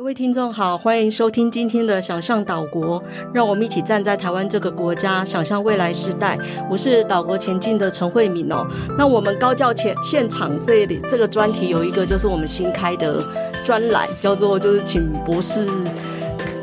各位聽眾好，歡迎收聽今天的《想象島國》，讓我們一起站在台灣這個國家，想象未來時代。我是島國前進的陳慧敏哦。那我們高教前現場這裡這個專題有一個，就是我們新開的專欄，叫做就是請博士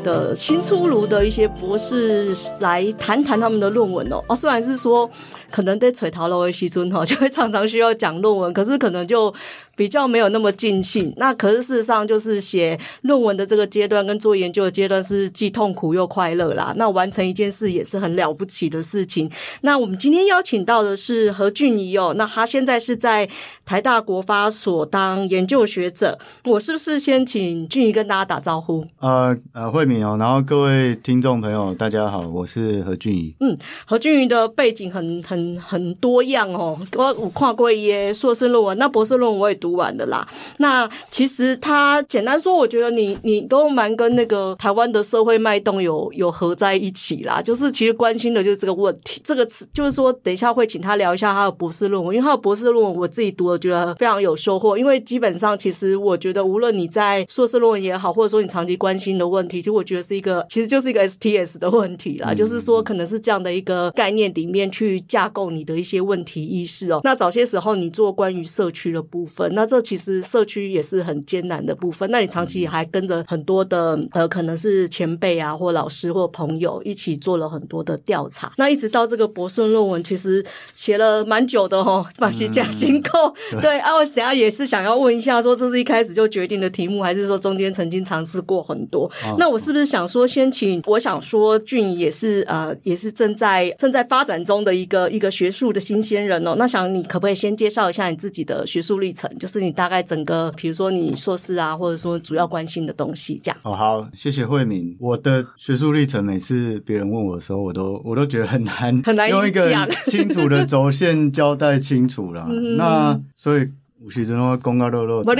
的新出爐的一些博士來談談他們的論文哦。哦，雖然是說。可能得吹陶了我維西村哈，就會常常需要講論文，可是可能就比較沒有那麼盡興。那可是事實上，就是寫論文的這個階段跟做研究的階段是既痛苦又快樂啦。那完成一件事也是很了不起的事情。那我們今天邀請到的是何俊頤哦，那他現在是在台大國發所當研究學者。我是不是先請俊頤跟大家打招呼？呃呃，惠敏哦，然後各位聽眾朋友大家好，我是何俊頤。嗯，何俊頤的背景很很。嗯，很多樣哦，我我跨過一些碩士論文，那博士論文我也讀完了啦。那其實他簡單說，我覺得你你都蠻跟那個台灣的社會脈動有有合在一起啦。就是其實關心的就是這個問題，這個詞就是說，等一下會請他聊一下他的博士論文，因為他的博士論文我自己讀了覺得非常有收穫。因為基本上，其實我覺得無論你在碩士論文也好，或者說你長期關心的問題，其實我覺得是一個，其實就是一個 S T S 的問題啦。嗯、就是說，可能是這樣的一個概念裡面去架構你的一些問題意識哦。那早些時候你做關於社區的部分，那這其實社區也是很艱難的部分。那你長期還跟着很多的呃，可能是前輩啊，或老師或朋友一起做了很多的調查。那一直到這個博士論文，其實寫了蠻久的哦，馬西加新構對。啊，我等下也是想要問一下，說，這是一開始就決定的題目，還是說中間曾經嘗試過很多？哦、那我是不是想說，先請我想說俊也是呃，也是正在正在發展中的一個。一個學術的新鮮人哦，那想你可不可以先介紹一下你自己的學術歷程？就是你大概整個，比如說你碩士啊，或者說主要關心的東西，這樣。哦，好，謝謝惠敏。我的學術歷程，每次別人問我的時候，我都我都覺得很難，很難用一個清楚的軸線交代清楚啦。 那所以有時陣話公告弱弱，我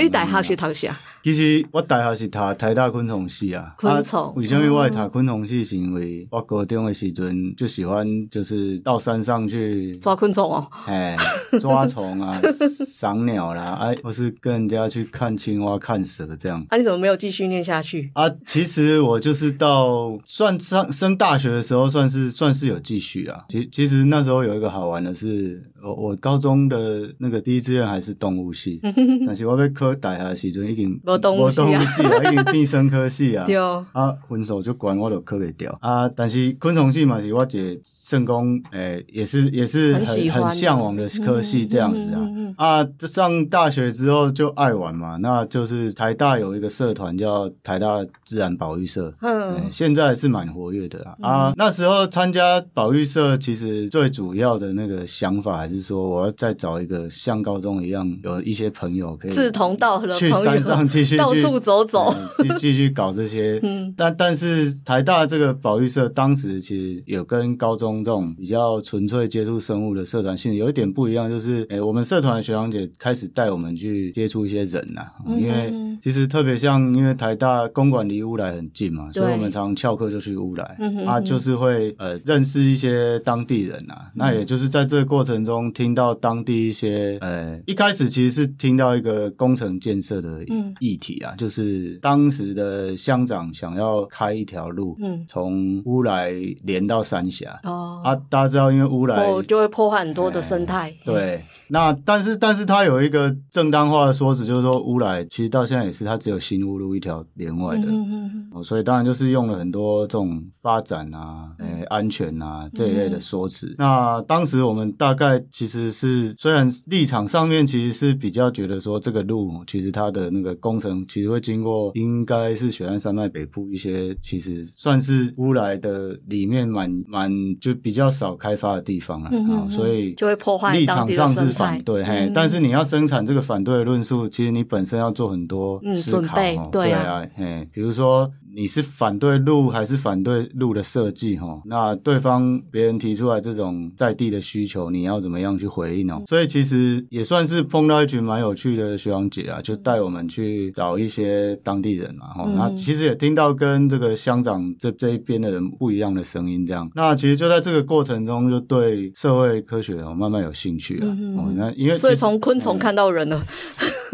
其實我大學是讀台大昆蟲系啊，昆蟲蟲。啊、為什麼我讀昆蟲系？是因為我高中的時候就喜歡，就是到山上去抓昆蟲哦、啊，哎、欸，抓蟲啊，賞 鳥啦，哎、啊，或是跟人家去看青蛙、看蛇的這樣。啊你怎麼沒有繼續念下去？啊，其實我就是到算上升大學的時候算，算是算是有繼續啊。其其實那時候有一個好玩的是，我我高中的那個第一志願還是動物系， 但是我被科逮下時陣已經。我動物系我已經畢生科系啊， 對啊，分手就管我的科給掉啊。但是昆蟲系嘛，是我姐聖公，哎、欸、誒，也是也是很很，很嚮往的科系這樣子啊、嗯嗯、啊。上大學之後就愛玩嘛，那就是台大有一個社團叫台大自然保育社，嗯、欸，現在是蠻活躍的啦。啊，嗯、那時候參加保育社，其實最主要的那個想法還是說，我要再找一個像高中一樣有一些朋友可以志同道合，去山上去。續到處走走、 嗯，繼繼續搞這些，嗯，但但是台大這個保育社當時其實有跟高中這種比較純粹接觸生物的社團性質有一點不一樣，就是誒、欸，我們社團的學長姐開始帶我們去接觸一些人吶、啊，嗯嗯嗯，因為其實特別像因為台大公館離烏來很近嘛，對所以我們常翹課就去烏來，嗯嗯嗯啊，就是會呃認識一些當地人吶、啊，嗯、那也就是在這個過程中聽到當地一些，誒、呃，一開始其實是聽到一個工程建設的，嗯。議題啊，就是當時的鄉長想要開一條路，嗯，從烏來連到三峽哦，啊，大家知道，因為烏來，就會破壞很多的生態，哎、對。嗯、那但是，但是他有一個正當化的說辭，就是說烏來其實到現在也是，他只有新烏路一條連外的，嗯嗯嗯。嗯嗯所以當然就是用了很多這種發展啊、哎，安全啊這一類的說辭。嗯、那當時我們大概其實是雖然立場上面其實是比較覺得說這個路其實它的那個工。其實會經過，應該是雪山山脈北部一些，其實算是烏來的裡面蠻蠻就比較少開發的地方啊，嗯嗯嗯，所以就會破壞當地的生態，立場上是反對，但是你要生產這個反對的論述，其實你本身要做很多思考，嗯、對啊，嗯，比如說。你是反對路還是反對路的設計哈？那對方別人提出來這種在地的需求，你要怎麼樣去回應呢？所以其實也算是碰到一群蠻有趣的學長姐啊，就帶我們去找一些當地人嘛哈。嗯、那其實也聽到跟這個鄉長這這一邊的人不一樣的聲音，這樣。那其實就在這個過程中，就對社會科學慢慢有興趣了。那、嗯嗯、因為所以從昆蟲看到人了。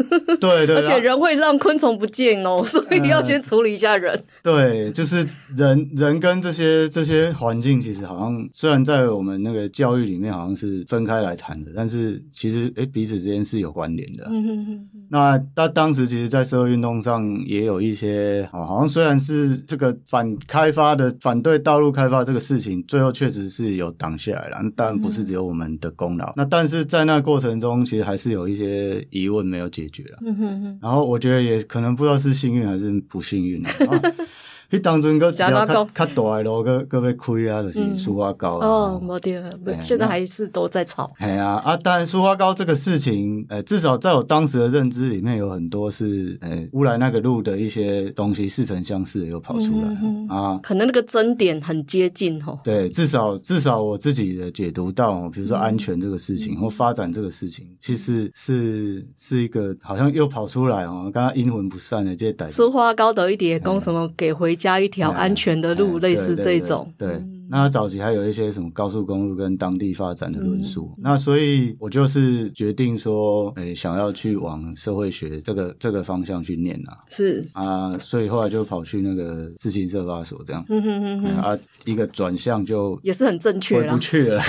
對，對對，而且人會讓昆蟲不見哦， 嗯、所以你要先處理一下人。對，就是人人跟這些這些環境其實好像，雖然在我們那個教育裡面好像是分開來談的，但是其實哎、欸、彼此之間是有關聯的。嗯嗯嗯。那他當時其實，在社會運動上也有一些，好像雖然是這個反開發的、反對道路開發的這個事情，最後確實是有擋下來了，但不是只有我們的功勞。嗯、那但是在那個過程中，其實還是有一些疑問沒有解決解決了， 然後我覺得，也可能不知道是幸運還是不幸運啊啊 去當陣個比較比較大咯，個個要開啊，嗯、就是蘇花高哦，無、嗯、對，欸、現在還是都在炒。係啊，啊，當然蘇花高這個事情，誒、欸，至少在我當時的認知裡面，有很多是誒烏、欸、來那個路的一些東西似曾相識的又跑出來嗯嗯嗯啊，可能那個爭點很接近哦，對，至少至少我自己的解讀到，比如說安全這個事情、嗯、或發展這個事情，其實是是一個好像又跑出來哦，剛剛陰魂不散的這些、個。蘇花高的一點供什麼給回。加一條安全的路，類似這種。對，那早期還有一些什麼高速公路跟當地發展的論述。那所以，我就是決定說，哎，想要去往社會學這個這個方向去念啊。是啊，所以後來就跑去那個自行設法所這樣。嗯嗯啊，一個轉向就也是很正確的。回不去了。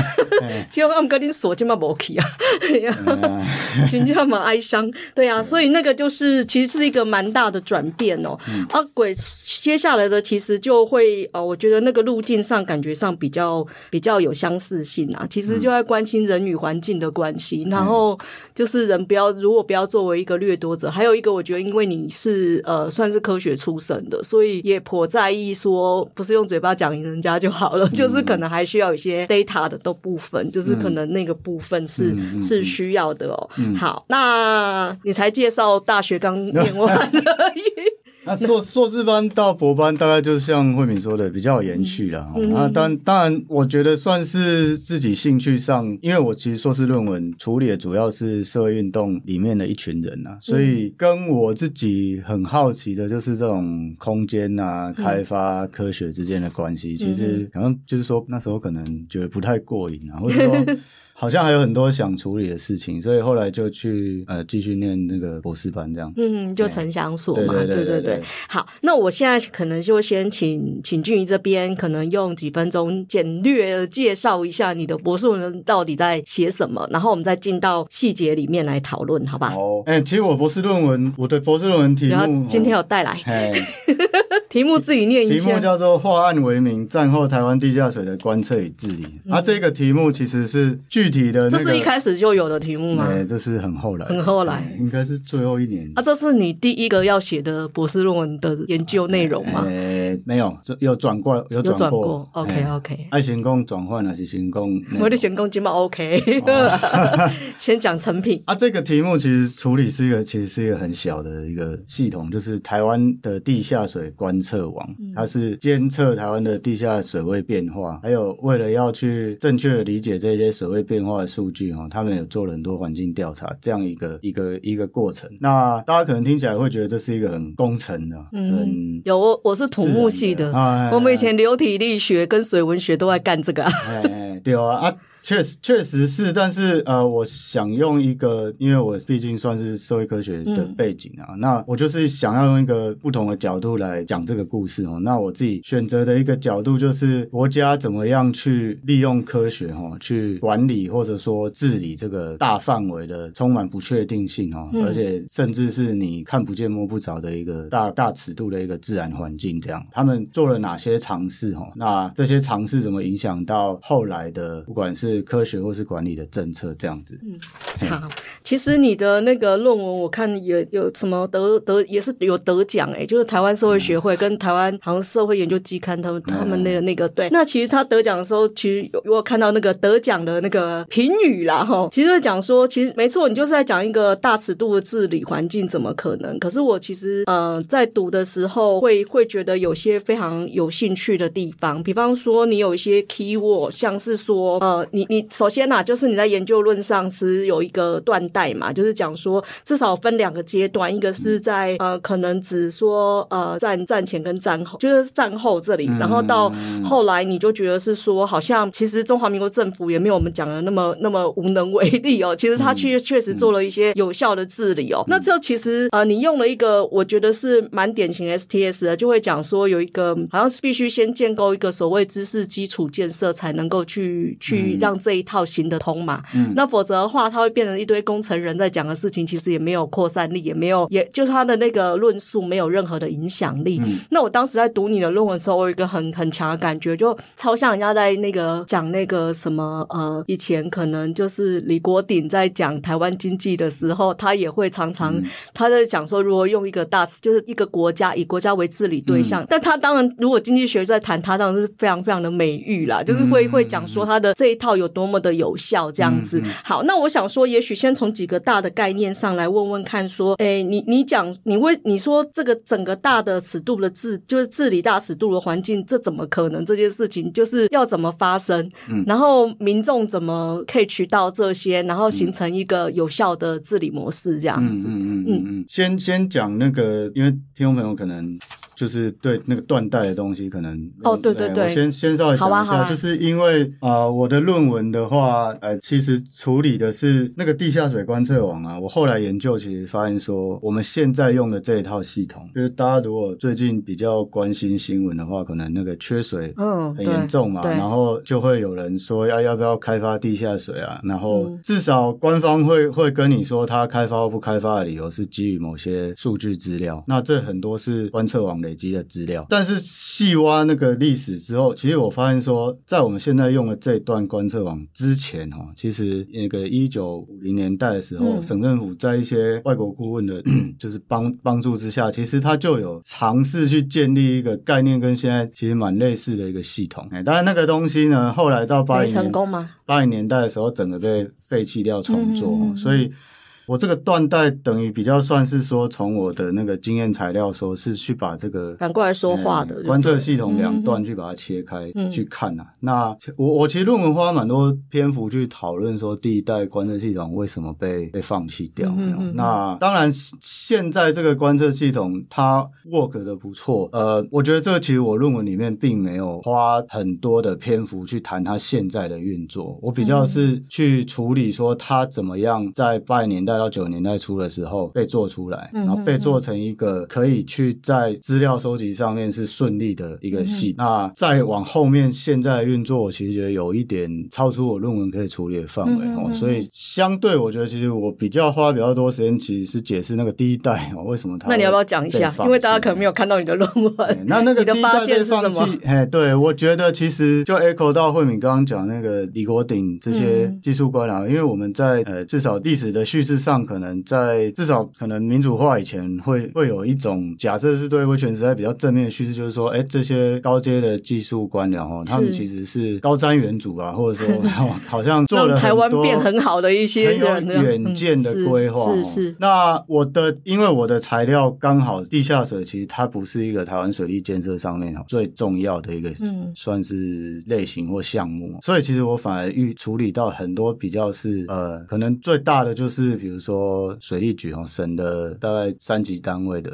叫我們哥你鎖這麼不起啊？今天嘛哀傷，對啊，所以那個就是其實是一個蠻大的轉變哦。啊，鬼，接下其實就會呃、哦，我覺得那個路徑上感覺上比較比較有相似性啊。其實就在關心人與環境的關係，嗯、然後就是人不要如果不要作為一個掠奪者。嗯、還有一個，我覺得因為你是呃算是科學出身的，所以也頗在意說不是用嘴巴講人家就好了，嗯、就是可能還需要一些 data 的都部分，就是可能那個部分是、嗯嗯、是需要的哦。嗯、好，那你才介紹大學剛念完、呃、而已。 那碩碩士班到博班大概就是像惠敏說的比較延續了。那、嗯啊、當然，當然，我覺得算是自己興趣上，因為我其實碩士論文處理的主要是社會運動裡面的一群人吶、啊，所以跟我自己很好奇的就是這種空間啊、嗯、開發科學之間的關係，嗯、其實好、嗯、像就是說那時候可能覺得不太過癮啊，或者說。 好像還有很多想處理的事情，所以後來就去呃繼續念那個博士班，這樣。嗯，就城鄉所嘛，對對對。好，那我現在可能就先請請俊頤這邊，可能用幾分鐘簡略的介紹一下你的博士論文到底在寫什麼，然後我們再進到細節裡面來討論，好吧？哎、oh. 欸，其實我博士論文，我的博士論文題目，今天有帶來。嘿 題目自己念一下，題目叫做“化暗為明：戰後台灣地下水的觀測與治理”。那、嗯啊、這個題目其實是具體的、那個，這是一開始就有的題目嗎？對、欸，這是很後來，很後來，嗯、應該是最後一年。啊，這是你第一個要寫的博士論文的研究內容嗎？欸欸欸沒有，有轉過，有轉過，OK OK，愛情工轉換還是行功，我的行功起碼 OK，先講成品啊。這個題目其實處理是一個，其實是一個很小的一個系統，就是台灣的地下水觀測網，嗯、它是監測台灣的地下水位變化，還有為了要去正確的理解這些水位變化的數據哈、哦，他們有做了很多環境調查，這樣一個一個一個過程。那大家可能聽起來會覺得這是一個很工程的、啊，嗯，很有，我是土。木系的，我們以前流體力學跟水文學都在幹這個、啊對。對，對， 對，對啊。確實確實是，但是呃，我想用一個，因為我畢竟算是社會科學的背景啊，嗯、那我就是想要用一個不同的角度來講這個故事哦。那我自己選擇的一個角度就是國家怎麼樣去利用科學哈、哦、去管理或者說治理這個大範圍的充滿不確定性哦，嗯、而且甚至是你看不見摸不着的一個大大尺度的一個自然環境，這樣他們做了哪些嘗試哦？那這些嘗試怎麼影響到後來的不管是科學或是管理的政策這樣子。嗯，好，嗯、其實你的那個論文，我看有有什麼得得也是有得獎哎、欸，就是台灣社會學會跟台灣好像社會研究期刊他們、嗯、他們的那個、嗯那個、對。那其實他得獎的時候，其實有我看到那個得獎的那個評語啦哈，其實講說其實沒錯，你就是在講一個大尺度的治理環境，怎麼可能？可是我其實呃在讀的時候會會覺得有些非常有興趣的地方，比方說你有一些 keyword，像是說呃你。你首先吶、啊，就是你在研究論上是有一個斷代嘛，就是講說至少分兩個階段，一個是在呃可能只說呃戰戰前跟戰後，就是戰後這裡，然後到後來你就覺得是說，好像其實中華民國政府也沒有我們講的那麼那麼無能為力哦、喔，其實他去確實做了一些有效的治理哦、喔。那這其實呃，你用了一個我覺得是蠻典型 STS 的，就會講說有一個好像是必須先建構一個所謂知識基礎建設，才能夠去去讓。讓這一套行得通嘛？嗯，那否則的話，他會變成一堆工程人在講的事情，其實也沒有擴散力，也沒有，也就是他的那個論述沒有任何的影響力。嗯，那我當時在讀你的論文的時候，我有一個很很強的感覺，就超像人家在那個講那個什麼呃，以前可能就是李國鼎在講台灣經濟的時候，他也會常常，嗯，他在講說，如果用一個大詞，就是一個國家以國家為治理對象，嗯，但他當然，如果經濟學在談，他當然是非常非常的美譽啦，就是會，嗯，會講說他的這一套。有多麼的有效，這樣子。嗯嗯好，那我想說，也許先從幾個大的概念上來問問看，說，哎、欸，你你講，你為你說這個整個大的尺度的治，就是治理大尺度的環境，這怎麼可能？這件事情就是要怎麼發生？嗯，然後民眾怎麼可以取到這些，然後形成一個有效的治理模式，這樣子。嗯，嗯嗯嗯嗯。嗯先先講那個，因為聽眾朋友可能。就是對那個斷代的東西可能哦，對對對，對我先先稍微講一下，好吧好啊、就是因為啊、呃、我的論文的話，呃其實處理的是那個地下水觀測網啊，我後來研究其實發現說，我們現在用的這一套系統，就是大家如果最近比較關心新聞的話，可能那個缺水嗯很嚴重嘛，嗯、然後就會有人說要、啊、要不要開發地下水啊，然後至少官方會會跟你說他開發不開發的理由是基於某些數據資料，那這很多是觀測網的。累積的資料，但是細挖那個歷史之後，其實我發現說，在我們現在用的這段觀測網之前，喔，哈，其實那個一九五零年代的時候，嗯、省政府在一些外國顧問的，就是幫幫助之下，其實他就有嘗試去建立一個概念，跟現在其實蠻類似的一個系統。當、欸、然，那個東西呢，後來到八零，沒成功嗎？八零年代的時候，整個被廢棄掉重，喔，重做，嗯，嗯嗯、所以。我這個斷代等於比較算是說，從我的那個經驗材料說，是去把這個趕過來說話的，嗯、觀測系統兩段去把它切開，嗯、哼去看吶，啊。那我我其實論文花蠻多篇幅去討論說，第一代觀測系統為什麼被被放棄掉。嗯、哼那當然現在這個觀測系統它 work 的不錯。呃，我覺得這個其實我論文裡面並沒有花很多的篇幅去談它現在的運作。我比較是去處理說它怎麼樣在八十年代，到九〇年代初的時候被做出來，然後被做成一個可以去在資料收集上面是順利的一個系。嗯嗯嗯那再往後面，現在運作，我其實覺得有一點超出我論文可以處理的範圍、嗯嗯嗯嗯、哦。所以相對，我覺得其實我比較花比較多時間，其實是解釋那個第一代哦，為什麼他那你要不要講一下？因為大家可能沒有看到你的論文、哎，那那個第一代你的發現是什麼？哎，對我覺得其實就 echo 到惠敏剛剛講那個李國鼎這些技術官僚，嗯嗯因為我們在呃至少歷史的敘事。上可能在至少可能民主化以前，會會有一種假設是對威權時代比較正面的敘事，就是說，哎，這些高階的技術官僚，哦是，他們其實是高瞻遠矚啊，或者說、 哦、好像做了很多讓 台灣變很好的一些遠遠見的規劃、嗯。是是，是、哦。那我的因為我的材料剛好地下水，其實它不是一個台灣水利建設上面哦最重要的一個，嗯，算是類型或項目，嗯、所以其實我反而預處理到很多比較是呃，可能最大的就是比如。比如說水利局哈，省的大概三級單位的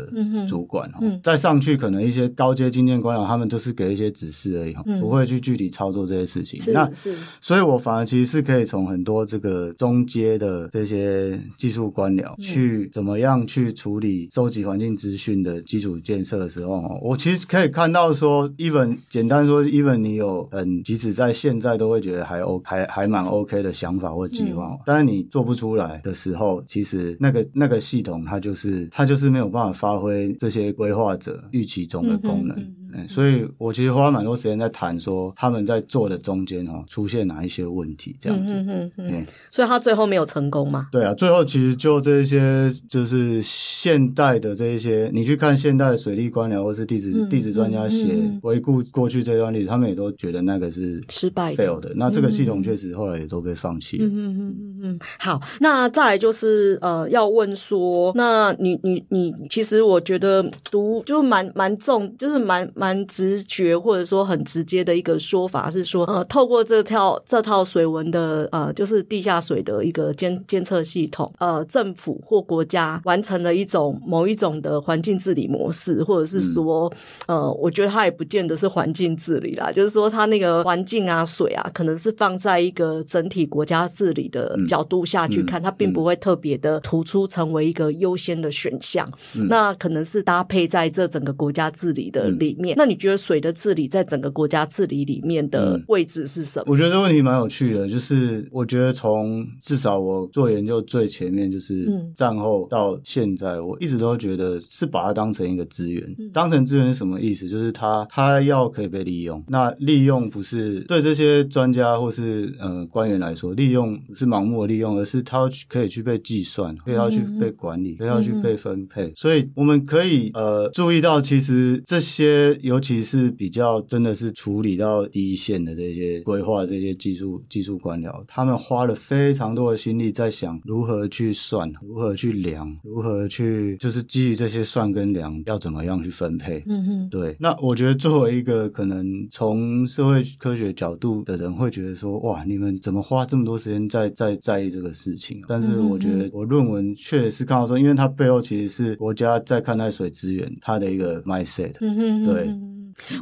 主管哈，嗯嗯、再上去可能一些高階經驗官僚，他們就是給一些指示而已，嗯、哼不會去具體操作這些事情。是的那是的所以，我反而其實是可以從很多這個中階的這些技術官僚去怎麼樣去處理收集環境資訊的基礎建設的時候，我其實可以看到說，even 簡單說，even 你有嗯，即使在現在都會覺得還 O、OK，還還蠻 OK 的想法或計劃，嗯、但是你做不出來的時候。其實那個那個系統，它就是它就是沒有辦法發揮這些規劃者預期中的功能。嗯哼嗯哼。嗯、所以，我其實花蠻多時間在談說他們在做的中間哈、哦，出現哪一些問題這樣子。嗯哼哼哼。嗯，所以，他最後沒有成功嗎？對啊，最後其實就這一些，就是現代的這一些，你去看現代的水利官僚或是地質、嗯嗯嗯、地質專家寫回顧過去這段歷史，他們也都覺得那個是的失敗 fail 的。那這個系統確實後來也都被放棄了。嗯嗯嗯嗯嗯。好，那再來就是呃，要問說，那你你你，其實我覺得讀就是蠻蠻重，就是蠻。蠻蠻直覺或者說很直接的一個說法是說，呃，透過這套這套水文的呃，就是地下水的一個監監測系統，呃，政府或國家完成了一種某一種的環境治理模式，或者是說，嗯、呃，我覺得它也不見得是環境治理啦，就是說它那個環境啊、水啊，可能是放在一個整體國家治理的角度下去看，它並不會特別的突出成為一個優先的選項，嗯嗯、那可能是搭配在這整個國家治理的裡面。嗯嗯那你覺得水的治理在整個國家治理裡面的位置是什麼？嗯、我覺得這個問題蠻有趣的，就是我覺得從至少我做研究最前面，就是戰後到現在，嗯、我一直都覺得是把它當成一個資源，嗯、當成資源是什麼意思？就是它它要可以被利用。那利用不是對這些專家或是呃官員來說，利用不是盲目的利用，而是它可以去被計算，可以要去被管理，可以要去被分配。嗯嗯，所以我們可以呃注意到，其實這些。尤其是比較真的是處理到第一線的這些規劃、這些技術技術官僚，他們花了非常多的心力在想如何去算、如何去量、如何去，就是基於這些算跟量要怎麼樣去分配。嗯嗯哼。對。那我覺得作為一個可能從社會科學角度的人會覺得說，哇，你們怎麼花這麼多時間在在在意這個事情？但是我覺得我論文確實是看到說，因為它背後其實是國家在看待水資源，它的一個 mindset。嗯嗯。對。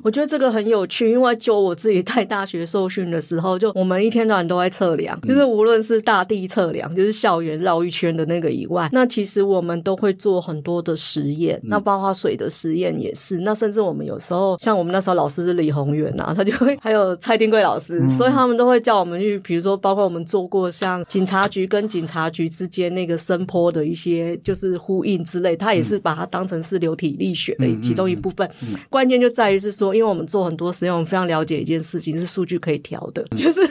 我覺得這個很有趣，因為就我自己在大學受訓的時候，就我們一天到晚都在測量，就是無論是大地測量，就是校園繞一圈的那個以外，那其實我們都會做很多的實驗，那包括水的實驗也是。那甚至我們有時候像我們那時候老師是李鴻源啊，他就會還有蔡丁貴老師，所以他們都會叫我們去，比如說包括我們做過像警察局跟警察局之間那個深坡的一些就是呼應之類，他也是把它當成是流體力學的其中一部分。關鍵就在於是。說，因為我們做很多實驗，我們非常了解一件事情是數據可以調的，就是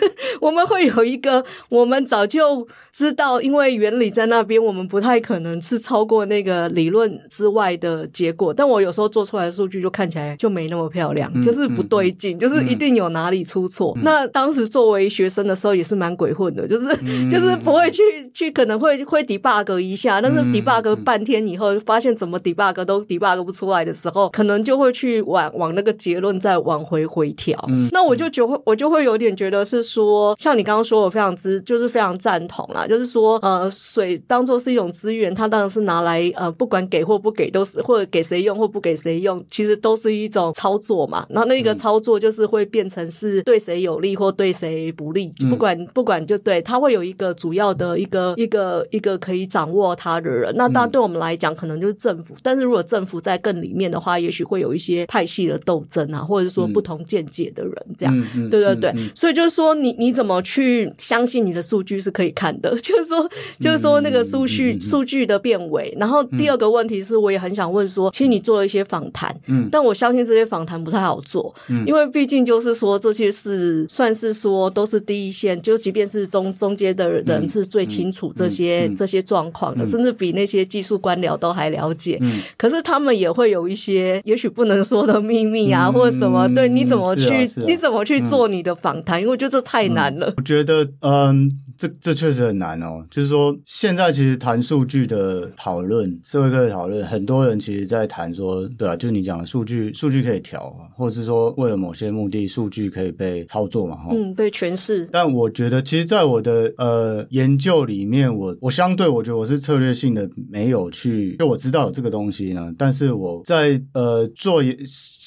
我們會有一個，我們早就知道，因為原理在那邊，我們不太可能是超過那個理論之外的結果。但我有時候做出來的數據就看起來就沒那麼漂亮，就是不對勁，就是一定有哪裡出錯。那當時作為學生的時候也是蠻鬼混的，就是就是不會去去可能會會 debug 一下，但是 debug 半天以後發現怎麼 debug 都 debug 不出來的時候，可能就會去往往那。這個結論再往回回調，嗯、那我就覺會，我就會有點覺得是說，像你剛剛說，我非常之就是非常贊同啦，就是說，呃，水當做是一種資源，它當然是拿來呃，不管給或不給，都是或者給誰用或不給誰用，其實都是一種操作嘛。然後那個操作就是會變成是對誰有利或對誰不利，不管不管就對，它會有一個主要的一個一個一個可以掌握它的人。那大家對我們來講，可能就是政府。但是如果政府在更裡面的話，也許會有一些派系的鬥爭啊，或者是說不同見解的人，這樣，嗯、對對對，嗯嗯、所以就是說你，你你怎麼去相信你的數據是可以看的？就是說，嗯、就是說那個數據數、嗯嗯、據的變偽。然後第二個問題是，我也很想問說，其實你做了一些訪談，嗯，但我相信這些訪談不太好做，嗯，因為畢竟就是說這些是算是說都是第一線，就即便是中中間的人是最清楚這些、嗯嗯、這些狀況的，嗯、甚至比那些技術官僚都還了解，嗯，可是他們也會有一些也許不能說的秘密。你啊，或者什麼？嗯、對，你怎麼去？啊啊、你怎麼去做你的訪談？嗯、因為我覺得這太難了。嗯、我覺得，嗯，這這確實很難哦。就是說，現在其實談數據的討論，社會科的討論，很多人其實在談說，對啊，就你講的數據，數據可以調啊，或者是說，為了某些目的，數據可以被操作嘛？嗯，被詮釋。但我覺得，其實，在我的呃研究裡面，我我相對，我覺得我是策略性的沒有去，就我知道有這個東西呢，但是我在呃做一。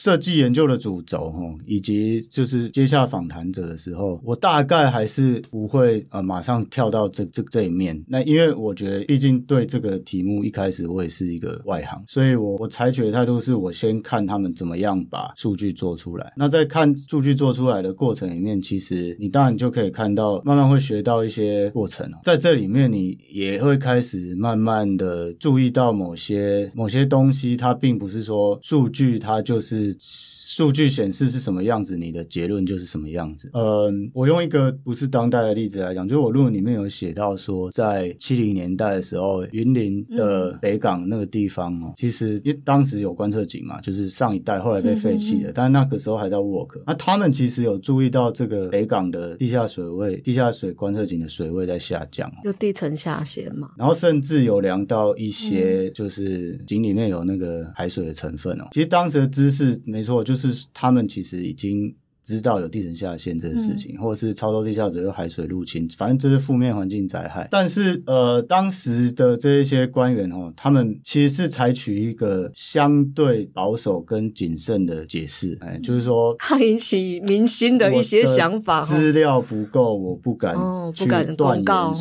設計研究的主軸，以及就是接下訪談者的時候，我大概還是不會呃馬上跳到這這這一面。那因為我覺得，畢竟對這個題目一開始我也是一個外行，所以我我採取的態度是，我先看他們怎麼樣把數據做出來。那在看數據做出來的過程裡面，其實你當然就可以看到，慢慢會學到一些過程。在這裡面，你也會開始慢慢的注意到某些某些東西，它並不是說數據，它就是。數據顯示是什麼樣子，你的結論就是什麼樣子。嗯，我用一個不是當代的例子來講，就是我論文裡面有寫到說，在七零年代的時候，雲林的北港那個地方哦、喔，嗯、其實因為當時有觀測井嘛，就是上一代後來被廢棄了，嗯嗯嗯，但那個時候還在 work。那他們其實有注意到這個北港的地下水位、地下水觀測井的水位在下降、喔，就地層下陷嘛。然後甚至有量到一些，就是井裡面有那個海水的成分哦、喔。其實當時的知識。沒錯，就是他們其實已經知道有地層下陷這個事情，嗯、或者是超抽地下水有海水入侵，反正這是負面環境災害。但是呃，當時的這些官員哦，他們其實是採取一個相對保守跟謹慎的解釋，哎，就是說他引起民心的一些想法。資料不夠，哦、我不敢去斷言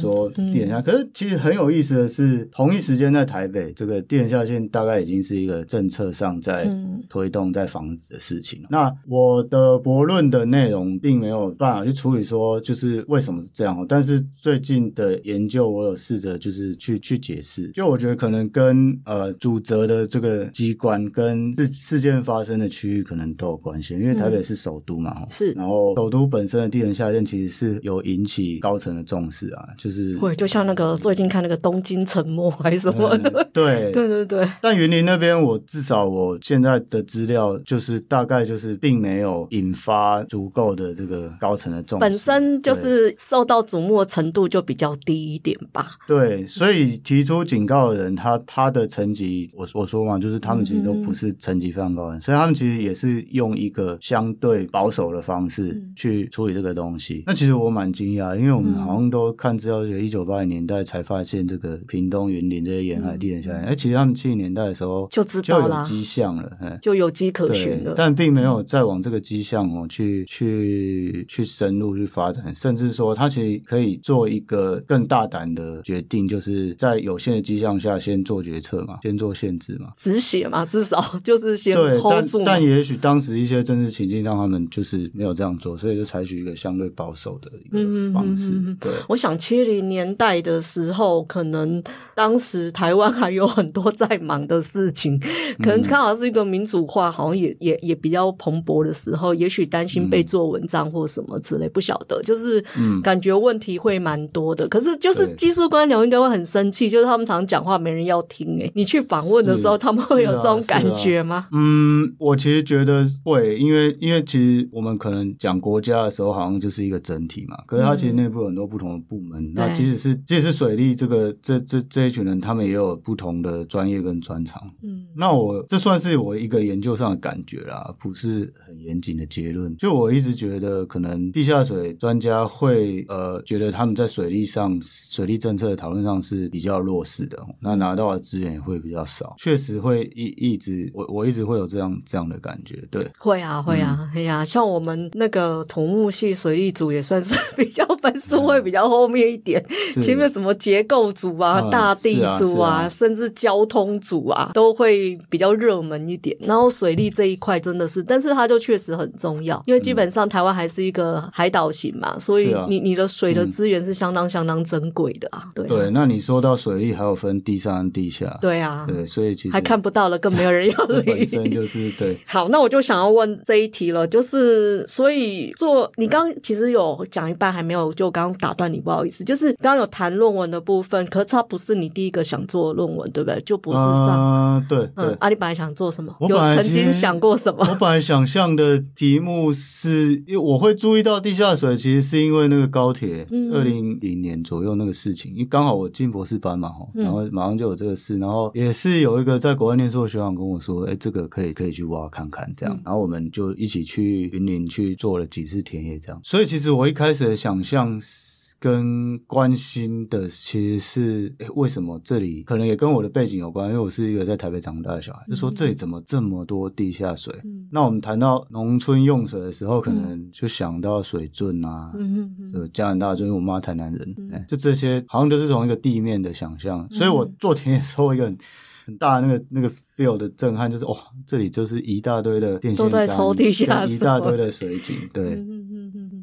說地下。嗯、可是其實很有意思的是，同一時間在台北，嗯、這個地層下陷大概已經是一個政策上在推動、在防止的事情。嗯、那我的博論論的內容並沒有辦法去處理，說就是為什麼是這樣。但是最近的研究，我有試着就是去去解釋，就我覺得可能跟呃主責的這個機關跟這事件發生的區域可能都有關係，因為台北是首都嘛，是、嗯，然後首都本身的地層下陷其實是有引起高層的重視啊，就是會就像那個最近看那個東京沉沒還是什麼的，嗯、對對對對。但雲林那邊，我至少我現在的資料就是大概就是並沒有引發。足夠的這個高層的重視，本身就是受到矚目的程度就比較低一點吧。對，所以提出警告的人，他他的層級，我我說嘛，就是他們其實都不是層級非常高的，嗯嗯，所以他們其實也是用一個相對保守的方式去處理這個東西。嗯、那其實我蠻驚訝，因為我們好像都看資料，覺得這個一九八零年代才發現這個屏東、雲林這些沿海地點下來。哎、嗯嗯嗯欸，其實他們七零年代的時候就知道跡象了，就，嘿就有跡可循了，但並沒有再往這個跡象哦。嗯去去去深入去發展，甚至說他其實可以做一個更大膽的決定，就是在有限的跡象下先做決策嘛，先做限制嘛，止血嘛，至少就是先 hold 住。但但也許當時一些政治情境讓他們就是沒有這樣做，所以就採取一個相對保守的一個方式。嗯嗯嗯嗯嗯對，我想七零年代的時候，可能當時台灣還有很多在忙的事情，可能剛好是一個民主化好像也也也比較蓬勃的時候，也許當擔心被做文章或什麼之類，嗯、不曉得，就是感覺問題會蠻多的。嗯、可是就是技術官僚應該會很生氣，對就是他們常講話沒人要聽、欸。哎，你去訪問的時候，是他們會有這種感覺嗎、啊啊？嗯，我其實覺得會，因為因為其實我們可能講國家的時候，好像就是一個整體嘛。可是他其實內部有很多不同的部門。嗯、那即使是即使是水利這個這這這，這一群人，他們也有不同的專業跟專長。嗯，那我這算是我一個研究上的感覺啦，不是很嚴謹的結論。就我一直覺得，可能地下水專家會呃覺得他們在水利上、水利政策的討論上是比較弱勢的，那拿到的資源也會比較少。確實會一一直，我我一直會有這樣這樣的感覺。對，會啊，會啊，哎呀、嗯，像我們那個土木系水利組也算是比較分數、嗯、會比較後面一點，是前面什麼結構組啊、嗯、大地組啊，嗯、啊啊甚至交通組啊，都會比較熱門一點。然後水利這一塊真的是，嗯、但是它就確實很重要。因為基本上台灣還是一個海島型嘛，所以你、啊、你的水的資源是相當相當珍貴的啊。對對，那你說到水利，還有分地上地下。對啊，對，所以其實還看不到了，更沒有人要理。就是對。好，那我就想要問這一題了，就是所以做你剛，剛其實有講一半還沒有，就剛剛打斷你，不好意思，就是剛，剛有談論文的部分，可是它不是你第一個想做的論文，對不對？就不是上，啊、對，對嗯，啊，你本來想做什麼？我本來有曾經想過什麼？我本來想象的題目。是因為我會注意到地下水，其實是因為那個高鐵二零零零年左右那個事情，因為剛好我進博士班嘛，然後馬上就有這個事，然後也是有一個在國外念書的學長跟我說，哎、欸，這個可以可以去挖看看這樣，嗯、然後我們就一起去雲林去做了幾次田野這樣，所以其實我一開始的想象是。跟關心的其實是，欸、為什麼這裡可能也跟我的背景有關？因為我是一個在台北長大的小孩，就說這裡怎麼這麼多地下水？嗯、那我們談到農村用水的時候，嗯、可能就想到水圳啊，嗯，嗯，嗯就嘉南大圳，因為我媽台南人、嗯欸，就這些好像都是從一個地面的想象。嗯、所以我做田野時候，一個很，很大那個那個 feel 的震撼就是，哇、哦，這裡就是一大堆的電線杆，都在抽地下水，一大堆的水井，對。嗯嗯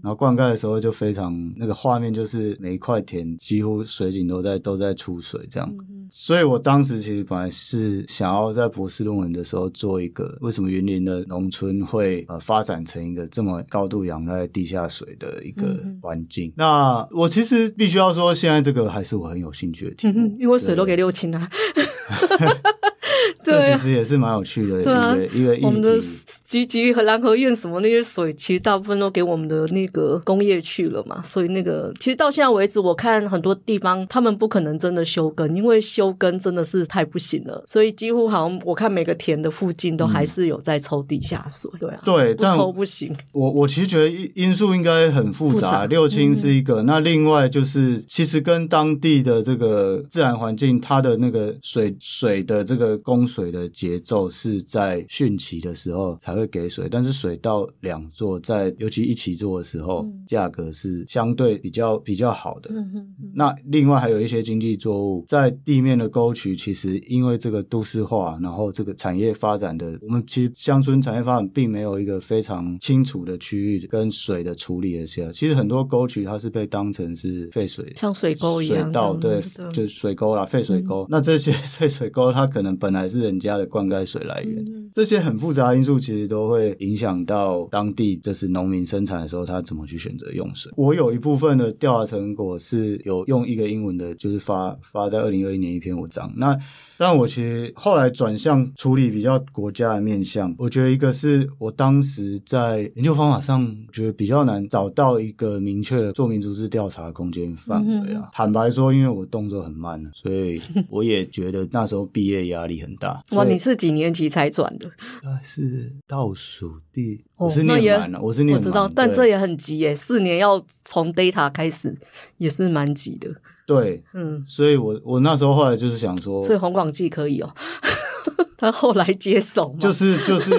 然後灌溉的時候，就非常那個畫面，就是每一塊田幾乎水井都在都在出水這樣。嗯、哼所以我當時其實本來是想要在博士論文的時候做一個為什麼雲林的農村會呃發展成一個這麼高度仰賴地下水的一個環境。嗯、哼那我其實必須要說，現在這個還是我很有興趣的題嗯，因為我水都給六輕了。 這其實也是蠻有趣的，一個一個我們的集集攔河堰什麼那些水，其實大部分都給我們的那個工業去了嘛。所以那個其實到現在為止，我看很多地方他們不可能真的休耕，因為休耕真的是太不行了。所以幾乎好像我看每個田的附近都還是有在抽地下水。嗯、對啊，對，不抽不行。我我其實覺得因素應該很複雜，複雜六輕是一個，嗯、那另外就是其實跟當地的這個自然環境，它的那個水水的這個。供水的節奏是在汛期的時候才會給水，但是水稻兩作，在尤其一起做的時候，嗯、價格是相對比較比較好的。嗯、哼哼那另外還有一些經濟作物，在地面的溝渠，其實因為這個都市化，然後這個產業發展的，我們其實鄉村產業發展並沒有一個非常清楚的區域跟水的處理的下，其實很多溝渠它是被當成是廢水，像水溝一樣，樣，道，對，對就水溝啦，廢水溝。嗯、那這些廢水溝它可能本來。還是人家的灌溉水來源，這些很複雜的因素，其實都會影響到當地，就是農民生產的時候，他怎麼去選擇用水。我有一部分的調查成果是有用一個英文的，就是發發在二零二一年一篇文章。那但我其實後來轉向處理比較國家的面向，我覺得一個是我當時在研究方法上，覺得比較難找到一個明確的做民族誌調查的空間範圍啊。嗯、哼坦白說，因為我動作很慢，所以我也覺得那時候畢業壓力很大。呵呵以哇，你是幾年級才轉的？是倒數第，哦、我是念完、啊、也我是念，我知道，對但這也很急耶，四年要從 data 開始，也是蠻急的。對，嗯，所以我我那時候後來就是想說，所以紅廣記可以哦。 他後來接手嗎？就是就是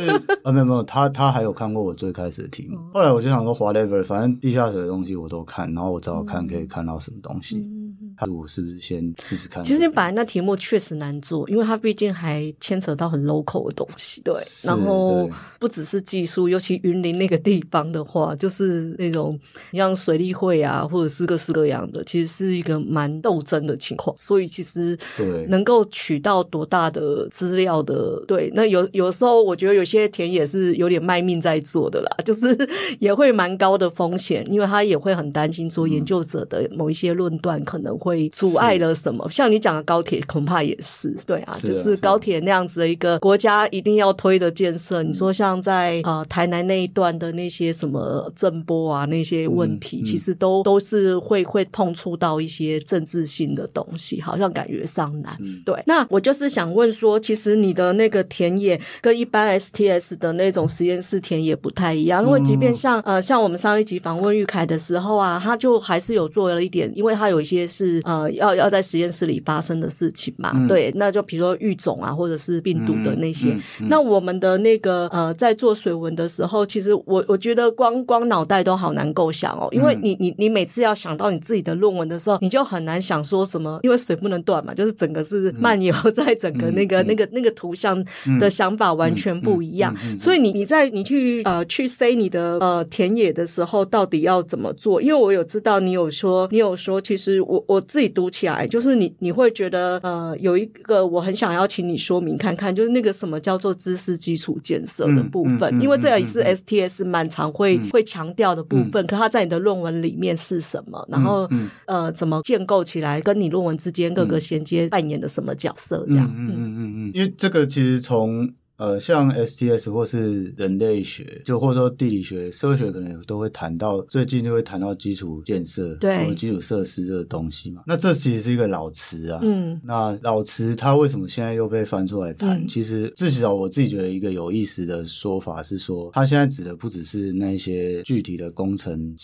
啊，沒有沒有，他他還有看過我最開始的題目。 後來我就想說，whatever，反正地下水的東西我都看，然後我找看可以看到什麼東西，嗯,嗯,嗯,嗯,嗯。是我是不是先試試看？其實你本來那題目確實難做，因為它畢竟還牽扯到很 local 的東西。對，對然後不只是技術，尤其雲林那個地方的話，就是那種像水利會啊，或者是各式各樣的，其實是一個蠻鬥爭的情況。所以其實對能夠取到多大的資料的。呃，對，那有有時候我覺得有些田野是有點賣命在做的啦，就是也會蠻高的風險，因為他也會很擔心說研究者的某一些論斷可能會阻礙了什麼。嗯、像你講的高鐵，恐怕也是，對啊，是啊，就是高鐵那樣子的一個國家一定要推的建設。啊啊、你說像在呃台南那一段的那些什麼震波啊那些問題，嗯嗯、其實都都是會會碰觸到一些政治性的東西，好像感覺上難。嗯、對，那我就是想問說，其實你的。的那個田野跟一般 STS 的那種實驗室田野不太一樣，因為即便像呃像我們上一集訪問昱凱的時候啊，他就還是有做了一點，因為他有一些是呃要要在實驗室裡發生的事情嘛。嗯、對，那就比如說育種啊，或者是病毒的那些。嗯嗯嗯、那我們的那個呃，在做水文的時候，其實我我覺得光光腦袋都好難構想哦，因為你你你每次要想到你自己的論文的時候，你就很難想說什麼，因為水不能斷嘛，就是整個是漫遊在整個那個那個那個圖。嗯嗯嗯不像的想法完全不一樣，嗯嗯嗯嗯、所以你你在你去呃去塞你的呃田野的時候，到底要怎麼做？因為我有知道你有說，你有說，其實我我自己讀起來，就是你你會覺得呃有一個我很想要請你說明看看，就是那個什麼叫做知識基礎建設的部分，嗯嗯嗯、因為這也是 STS 蠻常會、嗯、會強調的部分。嗯、可它在你的論文裡面是什麼？然後、嗯嗯、呃怎麼建構起來，跟你論文之間各個銜接扮演的什麼角色？這樣，嗯嗯嗯，嗯嗯嗯因為這個。這其實從。呃，像 STS 或是人類學，就或者說地理學、社會學，可能都會談到最近就會談到基礎建設和基礎設施這個東西嘛。對那這其實是一個老詞啊。嗯。那老詞它為什麼現在又被翻出來談？嗯、其實至少我自己覺得一個有意思的說法是說，他現在指的不只是那一些具體的工程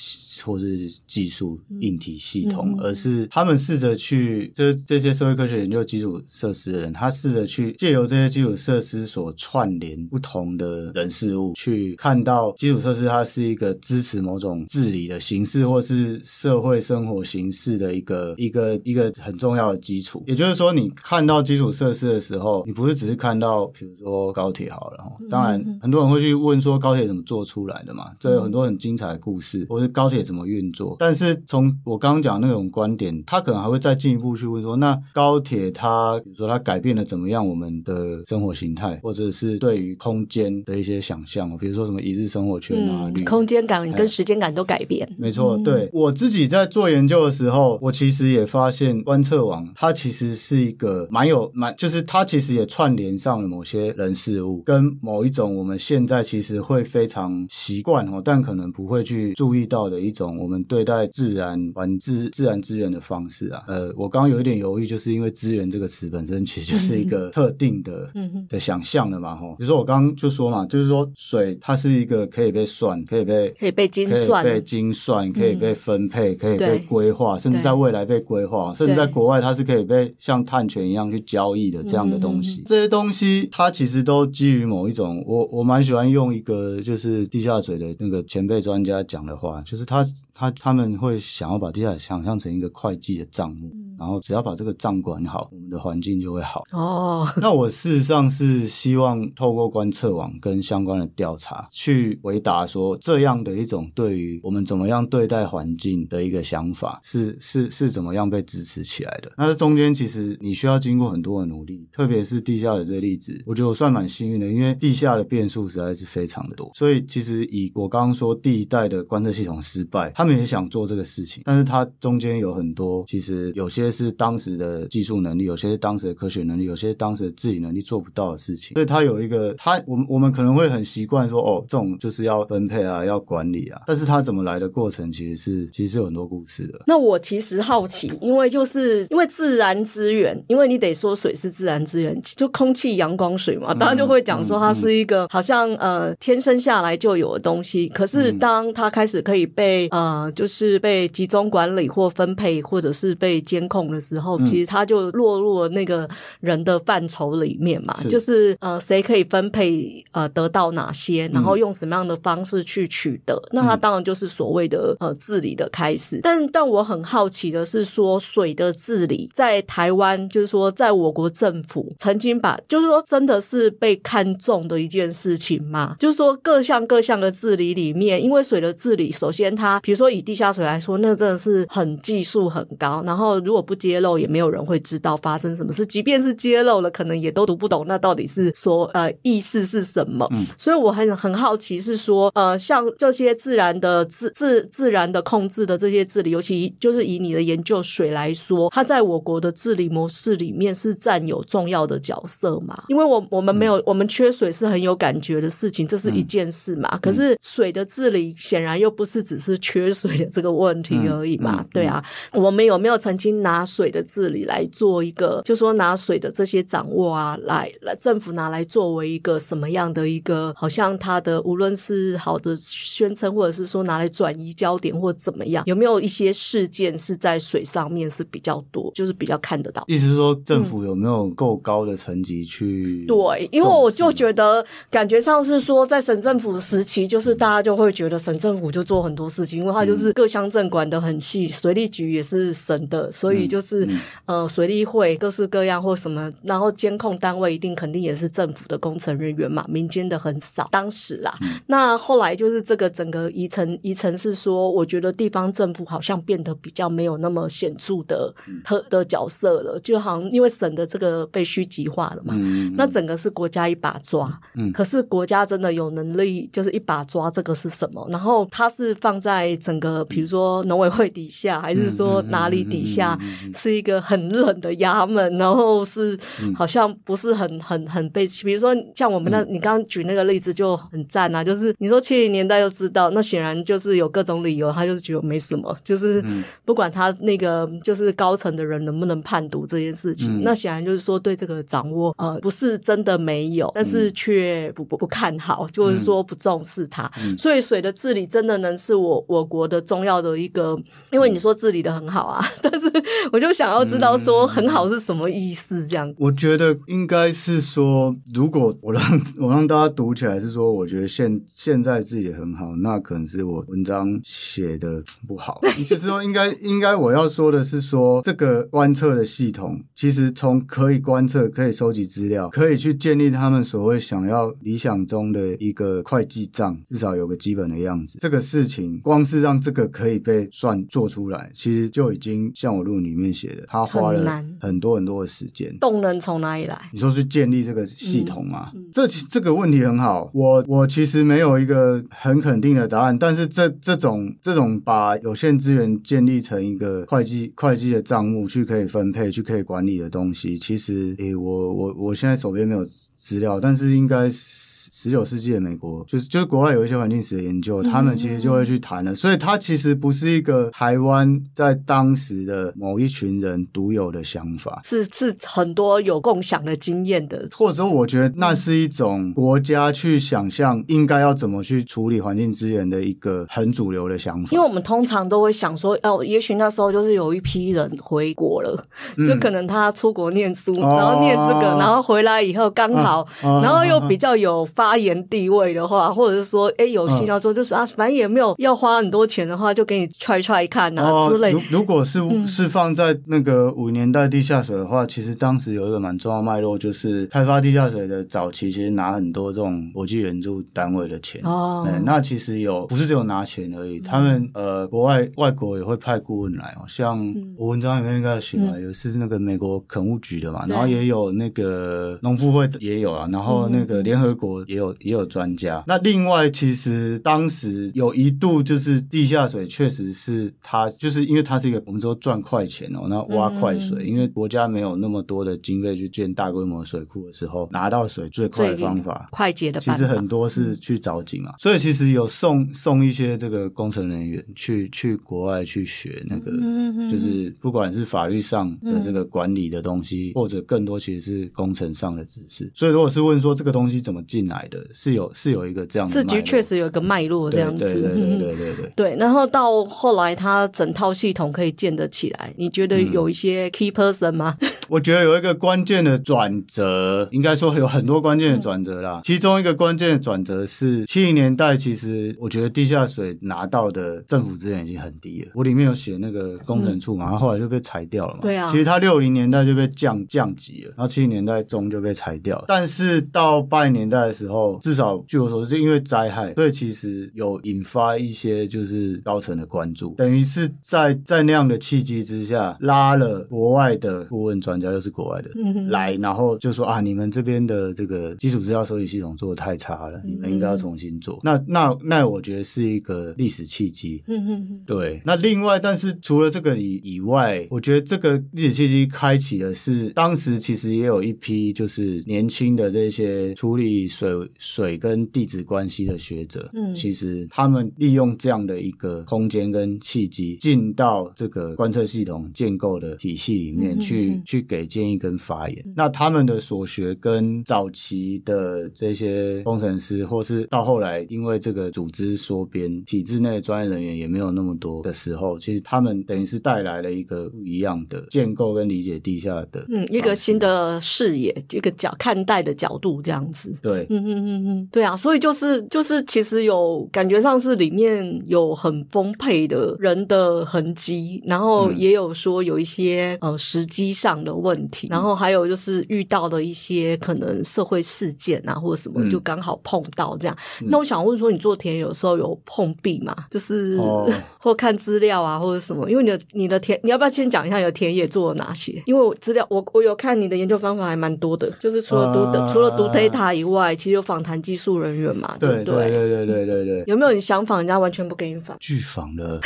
或是技術硬體系統，嗯、而是他們試着去，這這些社會科學研究基礎設施的人，他試着去借由這些基礎設施所。串聯不同的人事物去看到基礎設施，它是一個支持某種治理的形式，或是社會生活形式的一個一個一個，一個很重要的基礎。也就是說，你看到基礎設施的時候，你不是只是看到，比如說高鐵好了，當然很多人會去問說高鐵怎麼做出來的嘛？這有很多很精彩的故事，或是高鐵怎麼運作。但是從我剛剛講那種觀點，他可能還會再進一步去問說，那高鐵它，比如說它改變了怎麼樣我們的生活形態，或者是。是對於空間的一些想象，比如說什麼一日生活圈啊，嗯、空間感、哎、呀跟時間感都改變。沒錯，對我自己在做研究的時候，我其實也發現，觀測網它其實是一個蠻有蠻，就是它其實也串聯上了某些人事物，跟某一種我們現在其實會非常習慣哦，但可能不會去注意到的一種我們對待自然、玩資自然資源的方式啊。呃，我剛剛有一點猶豫，就是因為“資源”這個詞本身其實就是一個特定的 的想象了嘛。比如說我剛就說嘛，就是說水，它是一個可以被算、可以被可以被精算、可以被精算、嗯、可以被分配、可以被規劃，對甚至在未來被規劃，對甚至在國外它是可以被像碳權一樣去交易的這樣的東西。對這些東西它其實都基於某一種，我我蠻喜歡用一個就是地下水的那個前輩專家講的話，就是他他他們會想要把地下水想象成一個會計的賬目然後只要把這個賬管好，我們的環境就會好哦。Oh. 那我事實上是希望透過觀測網跟相關的調查，去回答說這樣的一種對於我們怎麼樣對待環境的一個想法，是是是怎麼樣被支持起來的。那這中間其實你需要經過很多的努力，特別是地下的這個例子，我覺得我算蠻幸運的，因為地下的變數實在是非常的多。所以其實以我剛剛說第一代的觀測系統失敗，他們也想做這個事情，但是它中間有很多其實有些。這是當時的技術能力，有些是當時的科學能力，有些是當時的治理能力做不到的事情。所以他有一個，他，我們我們可能會很習慣說，哦，這種就是要分配啊，要管理啊。但是他怎麼來的過程其實是，其實是其實是有很多故事的。那我其實好奇，因為就是因為自然資源，因為你得說水是自然資源，就空氣、陽光、水嘛，大家就會講說它是一個、嗯嗯、好像呃天生下來就有的東西。可是當他開始可以被呃就是被集中管理或分配，或者是被監控，的時候，其實他就落入了那個人的範疇裡面嘛，就是呃，誰可以分配呃得到哪些，然後用什麼樣的方式去取得，那他當然就是所謂的呃治理的開始。但但我很好奇的是，說水的治理在台灣，就是說在我國政府曾經把，就是說真的是被看重的一件事情嘛。就是說各項各項的治理裡面，因為水的治理，首先它比如說以地下水來說，那真的是很技術很高，然後如果不揭露，也沒有人會知道發生什麼事，即便是揭露了，可能也都讀不懂，那到底是說呃，意思是什麼？嗯，所以我很很好奇是說呃，像這些自然的自自自然的控制的這些治理，尤其就是以你的研究水來說，它在我國的治理模式裡面是占有重要的角色嘛？因為我我們沒有我們缺水是很有感覺的事情，這是一件事嘛。可是水的治理顯然又不是只是缺水的這個問題而已嘛？對啊，我們有沒有曾經拿？拿水的治理來做一個，就是、說拿水的這些掌握啊，來，來，政府拿來作為一個什麼樣的一個，好像他的無論是好的宣稱，或者是說拿來轉移焦點或怎麼樣，有沒有一些事件是在水上面是比較多，就是比較看得到？意思是說，政府有沒有夠高的層級去、嗯？對，因為我就覺得感覺上是說，在省政府時期，就是大家就會覺得省政府就做很多事情，因為它就是各鄉鎮管的很細，水利局也是省的，所以、嗯。就是呃水利會各式各樣或什麼，然後監控單位一定肯定也是政府的工程人員嘛，民間的很少。當時啦，那後來就是這個整個宜城宜城，是說，我覺得地方政府好像變得比較沒有那麼顯著的特的角色了，就好像因為省的這個被虛極化了嘛，那整個是國家一把抓。可是國家真的有能力就是一把抓這個是什麼？然後它是放在整個比如說農委會底下，還是說哪裡底下？是一個很冷的衙門，然後是好像不是很很很被，比如說像我們那，嗯、你剛剛舉那個例子就很贊啊，就是你說七零年代就知道，那顯然就是有各種理由，他就是覺得沒什麼，就是不管他那個就是高層的人能不能判讀這件事情，嗯、那顯然就是說對這個掌握呃不是真的沒有，但是卻不不看好，就是說不重視它，所以水的治理真的能是我我國的重要的一個，因為你說治理的很好啊，但是。我就想要知道說，很好是什麼意思？這樣。我覺得應該是說，如果我讓我讓大家讀起來是說，我覺得現現在自己也很好，那可能是我文章寫的不好。也就是說，應該應該我要說的是說，這個觀測的系統其實從可以觀測、可以收集資料、可以去建立他們所謂想要理想中的一個會計賬，至少有個基本的樣子。這個事情光是讓這個可以被算做出來，其實就已經像我錄。裡面寫的，他花了很多很多的時間。動能從哪裡來？你說去建立這個系統嗎？嗯嗯、這這個問題很好，我我其實沒有一個很肯定的答案。但是這這種這種把有限資源建立成一個會計會計的賬目，去可以分配，去可以管理的東西，其實誒、欸，我我我現在手邊沒有資料，但是應該是，十九世紀的美國就是就是國外有一些環境史的研究，他們其實就會去談了。嗯、所以他其實不是一個台灣在當時的某一群人獨有的想法，是是很多有共享的經驗的，或者說我覺得那是一種國家去想象應該要怎麼去處理環境資源的一個很主流的想法，因為我們通常都會想說，哦，也許那時候就是有一批人回國了，嗯、就可能他出國念書，嗯、然後念這個，嗯、然後回來以後剛好，啊啊啊、然後又比較有發。言地位的話，或者是說，哎，有興趣做，就是啊，反正也沒有要花很多錢的話，就給你踹踹看啊之類。如果如果是是放在那個五年代地下水的話，其實當時有一個蠻重要脈絡，就是開發地下水的早期，其實拿很多這種國際援助單位的錢哦。那其實有不是只有拿錢而已，他們呃，國外外國也會派顧問來哦。像我文章裡面應該有寫嘛，有是那個美國墾務局的嘛，然後也有那個農復會也有啊，然後那個聯合國也有。也有專家。那另外，其實當時有一度就是地下水，確實是他，就是因為它是一個我們說賺快錢哦、喔，那挖快水。嗯、因為國家沒有那麼多的經費去建大規模水庫的時候，拿到水最快的方法，快捷的方法。其實很多是去找井嘛，嗯、所以其實有送送一些這個工程人員去去國外去學那個，嗯嗯、就是不管是法律上的這個管理的東西，嗯、或者更多其實是工程上的知識。所以如果是問說這個東西怎麼進來？的是有是有一個這樣子，是其實確實有一個脈絡這樣子。對對對對對、對、嗯、對。然後到後來，它整套系統可以建得起來，你覺得有一些 key person 嗎？我覺得有一個關鍵的轉折，應該說有很多關鍵的轉折啦。嗯、其中一個關鍵的轉折是七零、嗯、年代，其實我覺得地下水拿到的政府資源已經很低了。我裡面有寫那個工程處嘛，嗯、然後後來就被裁掉了嘛。對啊，其實他六零年代就被降降級了，然後七零年代中就被裁掉了。但是到八零年代的時候。哦，至少據我所知，是因為災害，所以其實有引發一些就是高層的關注，等於是在在那樣的契機之下，拉了國外的顧問專家，又是國外的、嗯、哼來，然後就說啊，你們這邊的這個基礎資料收集系統做得太差了，嗯、哼你們應該要重新做。那那那，那我覺得是一個歷史契機。嗯嗯嗯，對。那另外，但是除了這個以以外，我覺得這個歷史契機開啟的是當時其實也有一批就是年輕的這些處理水。水跟地質關係的學者，嗯，其實他們利用這樣的一個空間跟契機，進到這個觀測系統建構的體系裡面去，嗯嗯嗯、去給建議跟發言。嗯嗯、那他們的所學跟早期的這些工程師，或是到後來因為這個組織縮編，體制內的專業人員也沒有那麼多的時候，其實他們等於是帶來了一個不一樣的建構跟理解地下的，嗯，一個新的視野，一個角看待的角度，這樣子，嗯、對，嗯嗯。嗯嗯嗯，對啊，所以就是就是，其實有感覺上是裡面有很豐沛的人的痕跡，然後也有說有一些、嗯、呃時機上的問題，然後還有就是遇到的一些可能社會事件啊或者什麼，就剛好碰到這樣。嗯、那我想問說，你做田野有時候有碰壁嗎？就是、哦、或看資料啊或者什麼？因為你的你的田，你要不要先講一下你的田野做了哪些？因為我資料我我有看你的研究方法還蠻多的，就是除了讀的、呃、除了讀 data 以外，其實。訪談技術人員嘛，對對對對對對對，有沒有你想訪人家完全不給你訪拒訪的？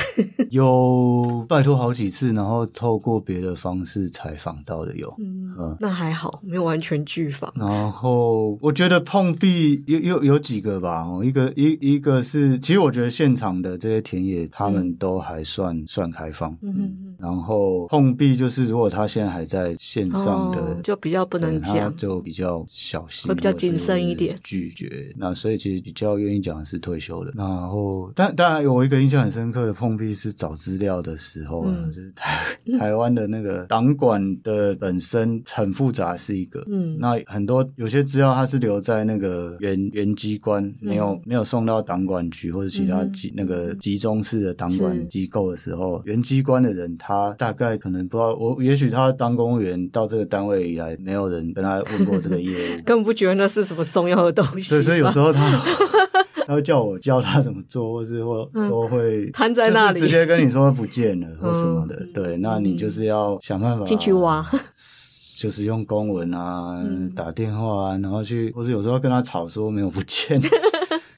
有拜托好幾次，然後透過別的方式採訪到的有，嗯，那還好，沒有完全拒訪。然後我覺得碰壁有有有幾個吧，哦，一個一一個是，其實我覺得現場的這些田野他們都還算算開放，嗯嗯，然後碰壁就是如果他現在還在線上的，就比較不能講，就比較小心，會比較謹慎一點。拒絕那，所以其實比較願意講的是退休的。然後，但當然，有一個印象很深刻的碰壁是找資料的時候，啊，嗯、就是台台灣的那個檔管的本身很複雜，是一個嗯，那很多有些資料他是留在那個原原機關，沒有沒有送到檔管局或者其他集，嗯、那個集中式的檔管機構的時候，是原機關的人他大概可能不知道，我也許他當公務員到這個單位以來，沒有人跟他問過這個業務， 根本不覺得那是什麼重要的。所以，所以有時候他，他會叫我教他怎麼做， 或是或說會癱在那裡，直接跟你說不見了或什麼的。嗯、對，嗯、那你就是要想辦法進去挖、啊，就是用公文啊，嗯、打電話啊，然後去，或是有時候跟他吵說沒有不見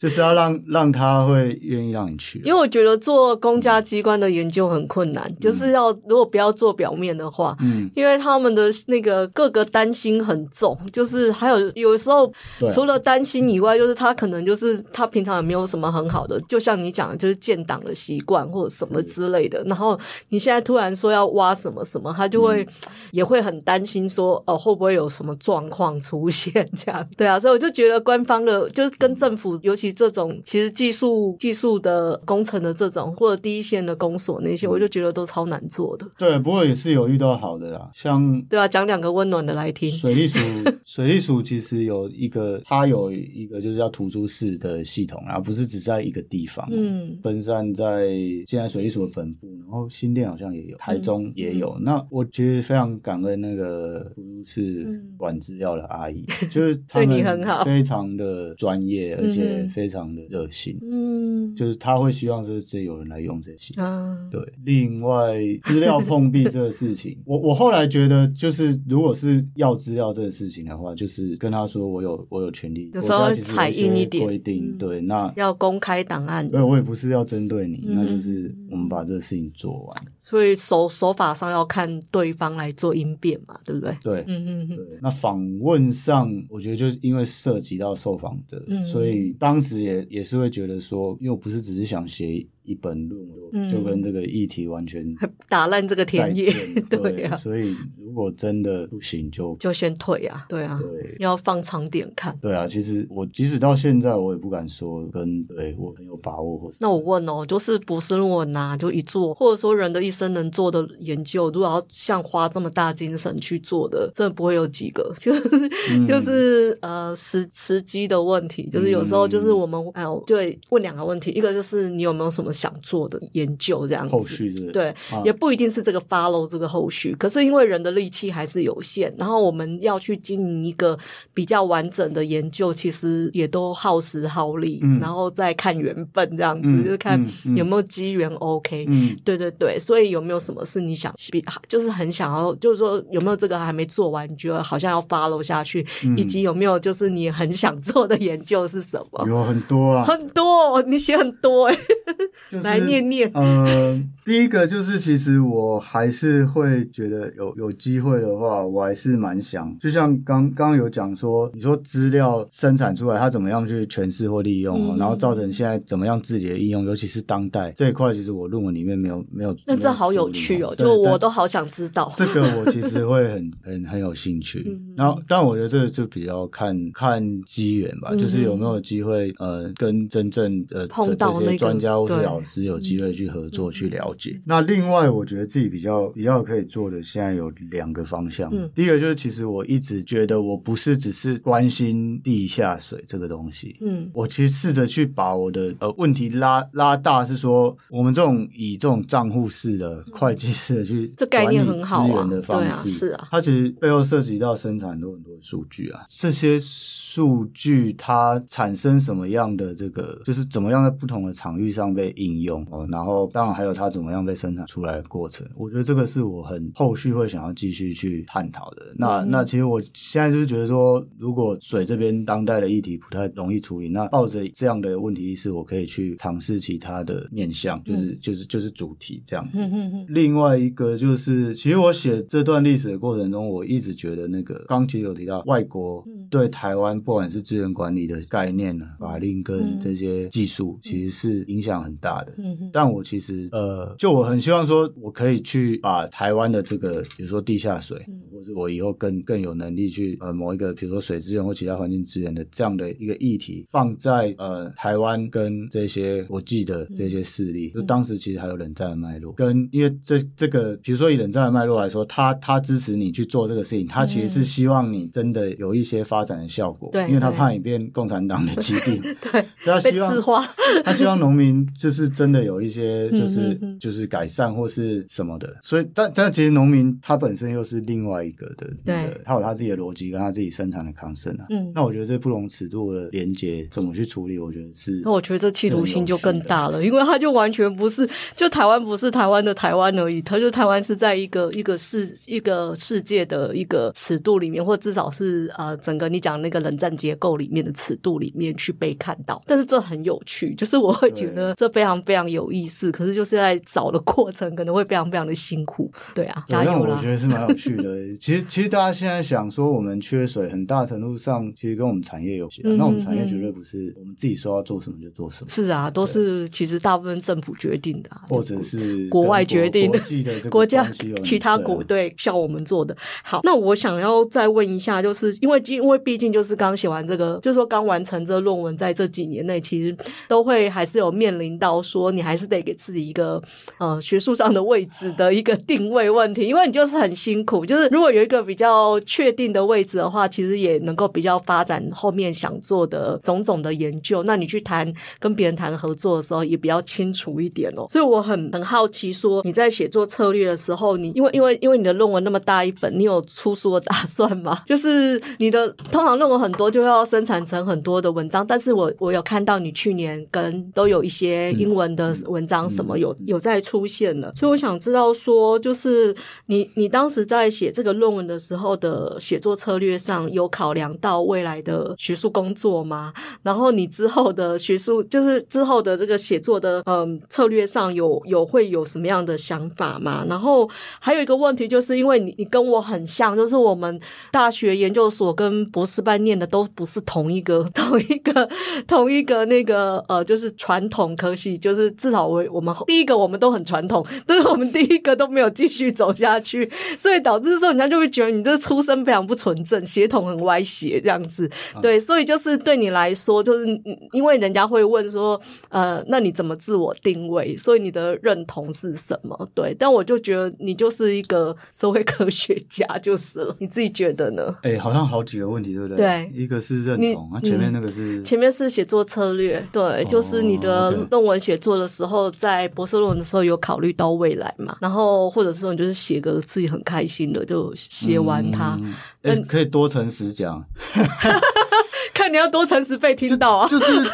就是要讓讓他會願意讓你去，因為我覺得做公家機關的研究很困難，嗯、就是要如果不要做表面的話，嗯，因為他們的那個各個擔心很重，就是還有有時候除了擔心以外，就是他可能就是他平常也沒有什麼很好的，嗯、就像你講的就是建檔的習慣或者什麼之類的，嗯、然後你現在突然說要挖什麼什麼，他就會也會很擔心說哦會不會有什麼狀況出現這樣，對啊，所以我就覺得官方的就是跟政府尤其、嗯。尤其這種其實技術、技術的工程的這種，或者第一線的公所那些，嗯、我就覺得都超難做的。對，不過也是有遇到好的啦，像對啊，講兩個溫暖的來聽。水利署， 水利署其實有一個，它有一個就是叫圖書室的系統，啊不是只在一個地方，嗯，分散在現在水利署的本部，然後新店好像也有，台中也有。嗯、那我覺得非常感恩那個圖書室管資料的阿姨，嗯、 就是對你很好，非常的專業，而且。非常的熱心，嗯，就是他會希望是直接有人來用這些，嗯、啊，對。另外，資料碰壁這個事情， 我我後來覺得，就是如果是要資料這個事情的話，就是跟他說我有我有權利，有時候強硬一點，不一定、嗯、對。那要公開檔案，對，我也不是要針對你，嗯、那就是。我們把這個事情做完，所以手手法上要看對方來做應變嘛，對不對？對，嗯嗯嗯。那訪問上，我覺得就是因為涉及到受訪者，嗯、所以當時也也是會覺得說，又不是只是想寫。一本論文就跟這個議題完全、嗯、打爛這個田野，對，對啊，所以如果真的不行就就先退啊，對啊，對，要放長點看。對啊，其實我即使到現在我也不敢說跟對我很有把握。那我問哦，就是博士論文啊，就一做，或者說人的一生能做的研究，如果要像花這麼大精神去做的，真的不會有幾個，就是嗯、就是呃時時機的問題，就是有時候就是我們、嗯、哎呦，對，問兩個問題，一個就是你有沒有什麼。想做的研究這樣子，後續是不是？對，好也不一定是這個 follow 這個後續。可是因為人的力氣還是有限，然後我們要去經營一個比較完整的研究，其實也都耗時耗力，嗯、然後再看緣分這樣子，嗯、就是看有沒有機緣、okay, 嗯。OK、嗯嗯、對對對，所以有沒有什麼是你想比就是很想要，就是說有沒有這個還沒做完，你覺得好像要 follow 下去，嗯、以及有沒有就是你很想做的研究是什麼？有很多啊，很多，你寫很多哎、欸。 就是、來念念，呃，第一個就是，其實我還是會覺得有有機會的話，我還是蠻想，就像剛剛有講說，你說資料生產出來，它怎麼樣去詮釋或利用，嗯、然後造成現在怎麼樣自己的應用，尤其是當代這一塊，其實我論文裡面沒有沒有，那這好有趣哦，就我都好想知道。這個我其實會很很很有興趣，嗯、然後但我覺得這個就比較看看機緣吧，就是有沒有機會呃跟真正呃、那個、這些專家或是。老師有機會去合作，去了解。嗯，那另外，我覺得自己比較比較可以做的，現在有兩個方向。嗯，第一個就是，其實我一直覺得我不是只是關心地下水這個東西。嗯，我其實試着去把我的呃問題拉拉大，是說我們這種以這種賬戶式的會計式的去管理資源的方式，啊啊是啊，它其實背後涉及到生產很多很多數據啊。這些數據它產生什麼樣的這個，就是怎麼樣在不同的場域上被。應用哦，然後當然還有它怎麼樣被生產出來的過程，我覺得這個是我很後續會想要繼續去探討的。那那其實我現在就是覺得說，如果水這邊當代的議題不太容易處理，那抱着這樣的問題意識，我可以去嘗試其他的面向，就是就是就是主題這樣子。嗯、另外一個就是，其實我寫這段歷史的過程中，我一直覺得那個剛才有提到外國對台灣不管是資源管理的概念、法令跟這些技術，嗯、其實是影響很大。大的，嗯 但我其實，呃，就我很希望說，我可以去把台灣的這個，比如說地下水，嗯、或是我以後更更有能力去，呃，某一個，比如說水資源或其他環境資源的這樣的一個議題，放在呃台灣跟這些我記得這些勢力，嗯、就當時其實還有冷戰的脈絡，跟因為這這個，比如說以冷戰的脈絡來說，他他支持你去做這個事情，他其實是希望你真的有一些發展的效果，嗯、因為他怕你變共產黨的基地對，對，他希望他希望農民就是。是真的有一些，就是就是改善或是什麼的，所以但但其實農民他本身又是另外一個的，對，他有他自己的邏輯跟他自己生產的抗生啊。嗯，那我覺得這不同尺度的連結怎麼去處理，我覺得是，是，那我覺得這企圖性就更大了，因為他就完全不是，就台灣不是台灣的台灣而已，他就台灣是在一個一個世一個世界的一個尺度裡面，或至少是啊、呃，整個你講那個冷戰結構裡面的尺度裡面去被看到。但是這很有趣，就是我會覺得這非常。非常有意思，可是就是在找的過程，可能會非常非常的辛苦。對啊，對、加油啦。但我覺得是蠻有趣的。 其實，其實大家現在想說，我們缺水，很大程度上其實跟我們產業有關係，啊。嗯嗯嗯，那我們產業絕對不是我們自己說要做什麼就做什麼。是啊，對都是其實大部分政府決定的，啊，或者是國外決定的，國家、啊、其他國，對叫我們做的。好，那我想要再問一下，就是因為因為畢竟就是剛寫完這個，就說、是、剛完成這論文，在這幾年內，其實都會還是有面臨到。說你還是得給自己一個呃學術上的位置的一個定位問題，因為你就是很辛苦。就是如果有一個比較確定的位置的話，其實也能夠比較發展後面想做的種種的研究。那你去談跟別人談合作的時候，也比較清楚一點哦。所以我很很好奇，說你在寫作策略的時候你，你因為因為因為你的論文那麼大一本，你有出書的打算嗎？就是你的通常論文很多就要生產成很多的文章，但是我我有看到你去年跟都有一些。英文的文章什麼有有在出現了，所以我想知道說，就是你你當時在寫這個論文的時候的寫作策略上，有考量到未來的學術工作嗎？然後你之後的學術，就是之後的這個寫作的嗯、呃、策略上有，有有會有什麼樣的想法嗎？然後還有一個問題，就是因為你你跟我很像，就是我們大學研究所跟博士班念的都不是同一個同一個同一個那個呃，就是傳統科系。就是至少我我們第一個我們都很傳統，但是我們第一個都沒有繼續走下去，所以導致說人家就會覺得你這出身非常不純正，啊、血統很歪斜這樣子。對，所以就是對你來說，就是因為人家會問說，呃，那你怎麼自我定位？所以你的認同是什麼？對，但我就覺得你就是一個社會科學家就是了。你自己覺得呢？哎、欸，好像好幾個問題，對不對？對，一個是認同，你啊、前面那個是、嗯、前面是寫作策略，對，哦、就是你的論文。寫作的時候，在博士論文的時候有考慮到未來嘛，然後或者是說，你就是寫個自己很開心的，就寫完它。那、嗯但欸、可以多誠實講。 看你要多誠實被聽到啊。就，就是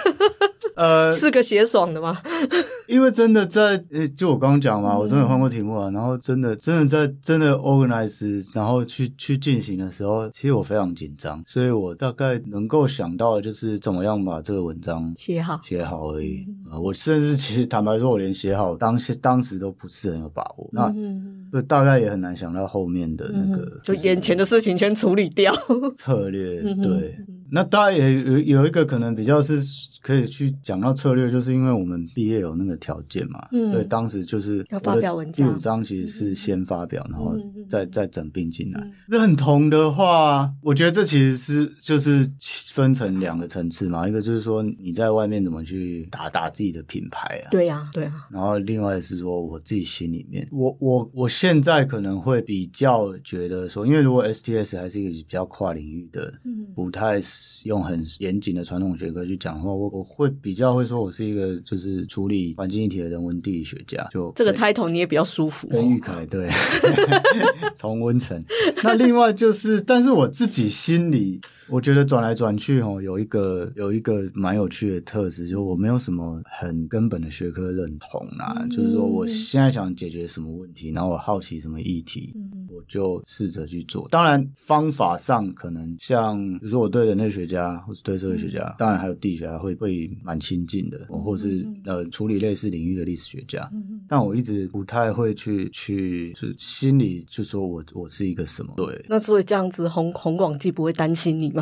呃，是個寫爽的嗎？因為真的在呃、欸，就我剛剛講嘛，我終於換過題目啊。嗯、然後真的，真的在真的 organize 然後去去進行的時候，其實我非常緊張，所以我大概能夠想到的就是怎麼樣把這個文章寫好寫好而已啊。我甚至其實坦白說，我連寫好當時當時都不是很有把握。那嗯。就大概也很難想到後面的那個，嗯、就眼前的事情先處理掉策略。對，嗯、哼那大家也有有一個可能比較是可以去講到策略，就是因為我們畢業有那個條件嘛，嗯、所以當時就是要發表文章，第五章其實是先發表，嗯、哼然後再、嗯、哼再整併進來。嗯、哼認同的話，我覺得這其實是就是分成兩個層次嘛，一個就是說你在外面怎麼去打打自己的品牌啊，對呀、啊，對啊，然後另外是說我自己心裡面，我我我。我現在可能會比較覺得說，因為如果 S T S 還是一個比較跨領域的，嗯、不太用很嚴謹的傳統學科去講的話，我我會比較會說我是一個就是處理環境議題的人文地理學家。就這個 title 你也比較舒服，哦。跟昱凱對 同溫層。那另外就是，但是我自己心裡。我覺得轉來轉去哦，有一個有一個蠻有趣的特質，就是、我沒有什麼很根本的學科認同啦、啊。嗯、就是說，我現在想解決什麼問題，然後我好奇什麼議題，嗯、我就試着去做。當然，方法上可能像，如果我對人類學家或者對社會學家，嗯、當然還有地理學家會會蠻親近的，或是、嗯、呃處理類似領域的歷史學家。嗯嗯、但我一直不太會去去，就是心裡就說我我是一個什麼對。那所以這樣子紅，洪洪廣記不會擔心你？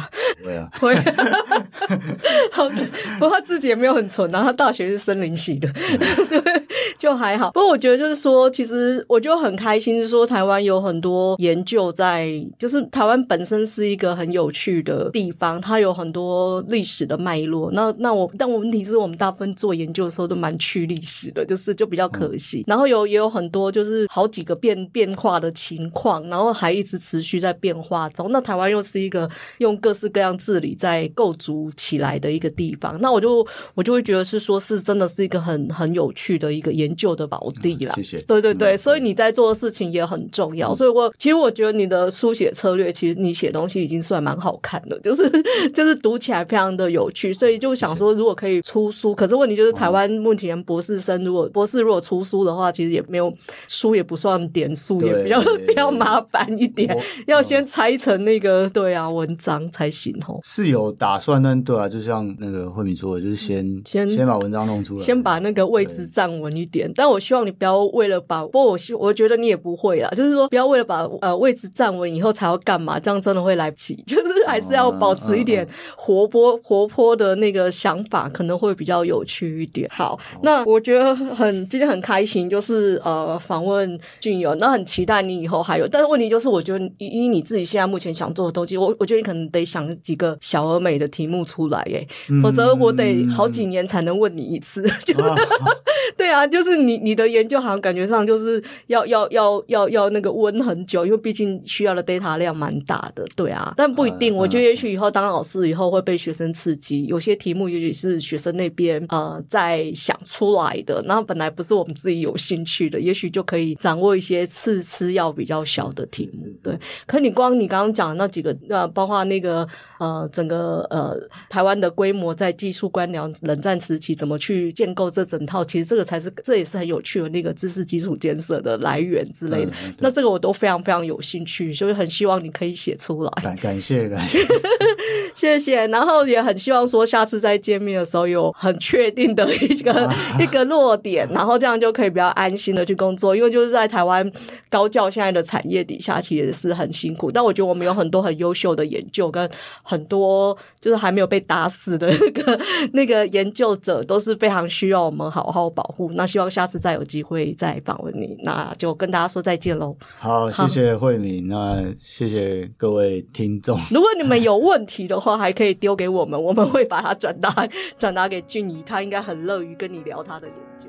會啊，會， 好的，不過他自己也沒有很蠢，然後他大學是森林系的。 就還好，不過我覺得就是說，其實我就很開心，是說台灣有很多研究在，就是台灣本身是一個很有趣的地方，它有很多歷史的脈絡。那那我，但我問題是，我們大部分做研究的時候都蠻去歷史的，就是就比較可惜。嗯、然後有也有很多就是好幾個變變化的情況，然後還一直持續在變化中。那台灣又是一個用各式各樣治理在構築起來的一個地方，那我就我就會覺得是說，是真的是一個很很有趣的一個研究。舊的寶地啦，謝謝。對對對，所以你在做的事情也很重要。所以我其實我覺得你的書寫策略，其實你寫東西已經算蠻好看的，就是就是讀起來非常的有趣。所以就想說，如果可以出書，可是問題就是台灣目前博士生，如果博士如果出書的話，其實也沒有書，也不算點數，也比較比較麻煩一點，要先拆成那個對啊文章才行哦。是有打算，但對啊，就像那個惠敏說的，就是先先先把文章弄出來，先把那個位置站穩一點。但我希望你不要為了把，不過我我覺得你也不會啦，就是說不要為了把呃位置站穩以後才要幹嘛，這樣真的會來不及。就是還是要保持一點活潑、oh, uh, uh, uh. 活潑的那個想法，可能會比較有趣一點。好，好那我覺得很今天很開心，就是呃訪問俊頤，那很期待你以後還有。但是問題就是，我覺得以你自己現在目前想做的東西，我我覺得你可能得想幾個小而美的題目出來耶，哎、嗯，否則我得好幾年才能問你一次。嗯、 就是，oh, oh. 對啊，就是。你你的研究好像感覺上就是要要要要要那個溫很久，因為畢竟需要的 data 量蠻大的，對啊，但不一定。我覺得也許以後當老師以後會被學生刺激，有些題目也許是學生那邊呃在想出來的，那本來不是我們自己有興趣的，也許就可以掌握一些次次要比較小的題目。對，可你光你剛剛講的那幾個，呃，包括那個呃，整個呃台灣的規模在技術官僚冷戰時期怎麼去建構這整套，其實這個才是這也。是很有趣的那個知識基礎建設的來源之類的，嗯、那這個我都非常非常有興趣，所以很希望你可以寫出來。感感謝，感謝， 謝謝。然後也很希望說下次再見面的時候有很確定的一個、啊、一個落點，然後這樣就可以比較安心的去工作。因為就是在台灣高教現在的產業底下，其實也是很辛苦。但我覺得我們有很多很優秀的研究跟很多就是還沒有被打死的那個那個研究者，都是非常需要我們好好保護。那希望。下次再有機會再訪問你，那就跟大家說再見嘍。好，謝謝惠敏，好那謝謝各位聽眾。如果你們有問題的話， 還可以丟給我們，我們會把它轉達轉達給俊頤，他應該很樂於跟你聊他的研究。